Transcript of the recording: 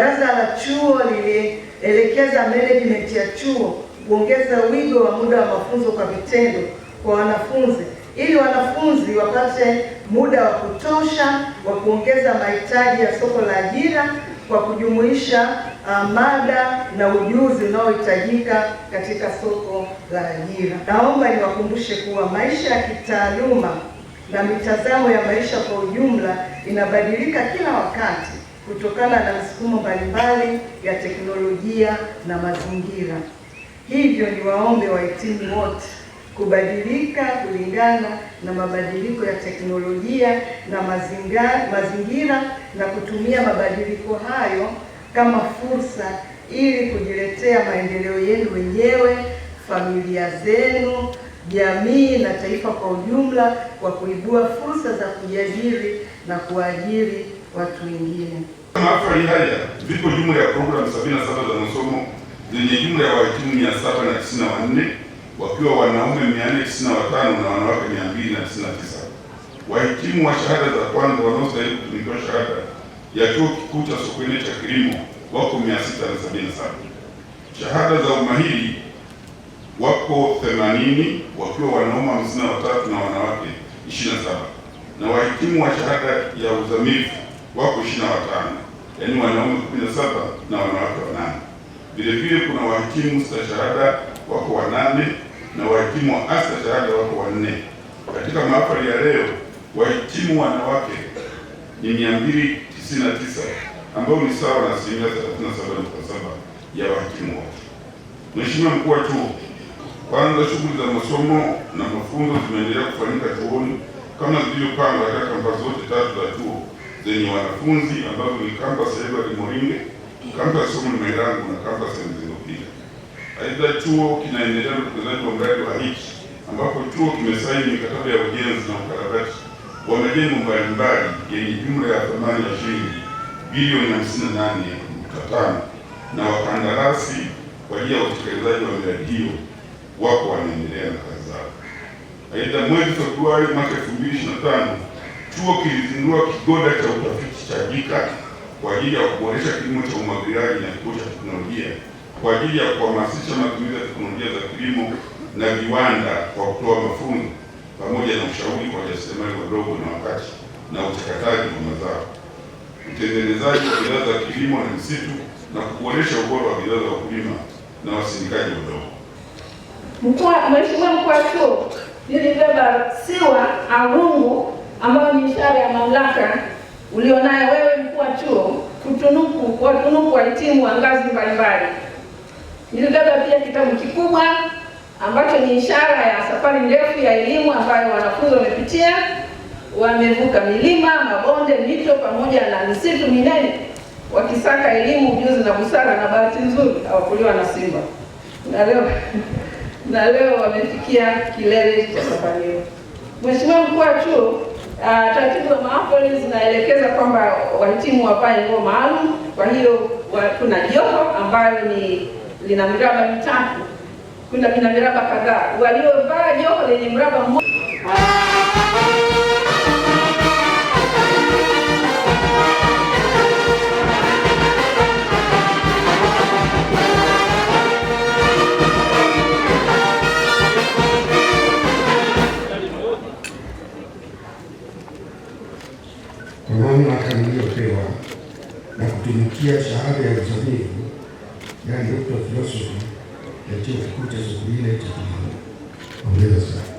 Baraza la chuo lilielekeza management ya chuo kuongeza wigo wa muda wa mafunzo kwa vitendo kwa wanafunzi ili wanafunzi wapate muda wa kutosha wa kuongeza mahitaji ya soko la ajira kwa kujumuisha uh, mada na ujuzi unaohitajika katika soko la ajira. Naomba niwakumbushe kuwa maisha ya kitaaluma na mitazamo ya maisha kwa ujumla inabadilika kila wakati kutokana na msukumo mbalimbali ya teknolojia na mazingira. Hivyo ni waombe wahitimu wote kubadilika kulingana na mabadiliko ya teknolojia na mazinga, mazingira na kutumia mabadiliko hayo kama fursa ili kujiletea maendeleo yenu wenyewe, familia zenu, jamii na taifa kwa ujumla, kwa kuibua fursa za kujiajiri na kuajiri watu wengine. ni haya vipo jumla ya programu 77 za masomo zenye jumla ya wahitimu 794 wakiwa wanaume 495 na wanawake 299. Wahitimu wa shahada za kwanza wanaostahili kutumikiwa shahada ya chuo kikuu cha Sokoine cha kilimo wako 677. Shahada za umahiri wako 80 wakiwa wanaume 53 na wanawake 27, na wahitimu wa shahada ya uzamivu wako ishirini na watano yaani wanaume kumi na saba na wanawake wanane. Vile vile kuna wahakimu stashahada wako wanane na wahakimu wa astashahada wako wanne. Katika mahafali ya leo wahitimu wanawake ni mia mbili tisini na tisa ambao ni sawa na asilimia thelathini na saba nukta saba ya wahitimu wote. Mheshimiwa Mkuu wa Chuo, kwanza shughuli za masomo na mafunzo zimeendelea kufanyika chuoni kama zilivyopangwa katika kampasi zote tatu za chuo zenye wanafunzi ambazo ni campus Every Moringe, campus Somo Mairangu na campus Mzingopiga. Aidha, chuo kinaendelea na utekelezaji wa mradi wa hichi ambapo chuo kimesaini mikataba ya ujenzi na ukarabati wa majengo mbalimbali yenye jumla ya thamani ya shilingi bilioni 58.5 na wakandarasi kwa ajili ya utekelezaji wa miradi hiyo wako wanaendelea na kazi zao. Aidha, mwezi Februari mwaka 2025 Chuo kilizindua kigoda cha utafiti cha JICA kwa ajili ya kuboresha kilimo cha umwagiliaji na kituo cha teknolojia kwa ajili ya kuhamasisha matumizi ya teknolojia za kilimo na viwanda kwa kutoa mafunzo pamoja na ushauri kwa wajasiriamali wadogo na wakati na uchakataji wa mazao, utengenezaji wa bidhaa za kilimo na misitu na kuboresha ubora wa bidhaa za wakulima na wasindikaji wadogo. Mheshimiwa mkuu wa chuo nilibeba siwa arungu ambayo ni ishara ya mamlaka ulionayo wewe mkuu wa chuo kutunuku kuwatunuku wahitimu wa ngazi mbalimbali. Nilibeba pia kitabu kikubwa ambacho ni ishara ya safari ndefu ya elimu ambayo wanafunzi wamepitia, wamevuka milima, mabonde, mito pamoja na misitu minene wakisaka elimu, ujuzi na busara, na bahati nzuri hawakuliwa na simba na leo na leo wamefikia kilele cha safari hiyo. Mheshimiwa mkuu wa chuo Uh, taratibu za mahafali zinaelekeza kwamba wahitimu wavae nguo maalum. Kwa hiyo kuna joho ambayo ni lina miraba mitatu, kuna miraba kadhaa. Waliovaa joho lenye mraba mmoja kwa mamlaka niliyopewa na kutumikia shahada ya uzamivu yaani dokta filosofi ya Chuo Kikuu cha Sokoine cha Tanzania. Hongera sana.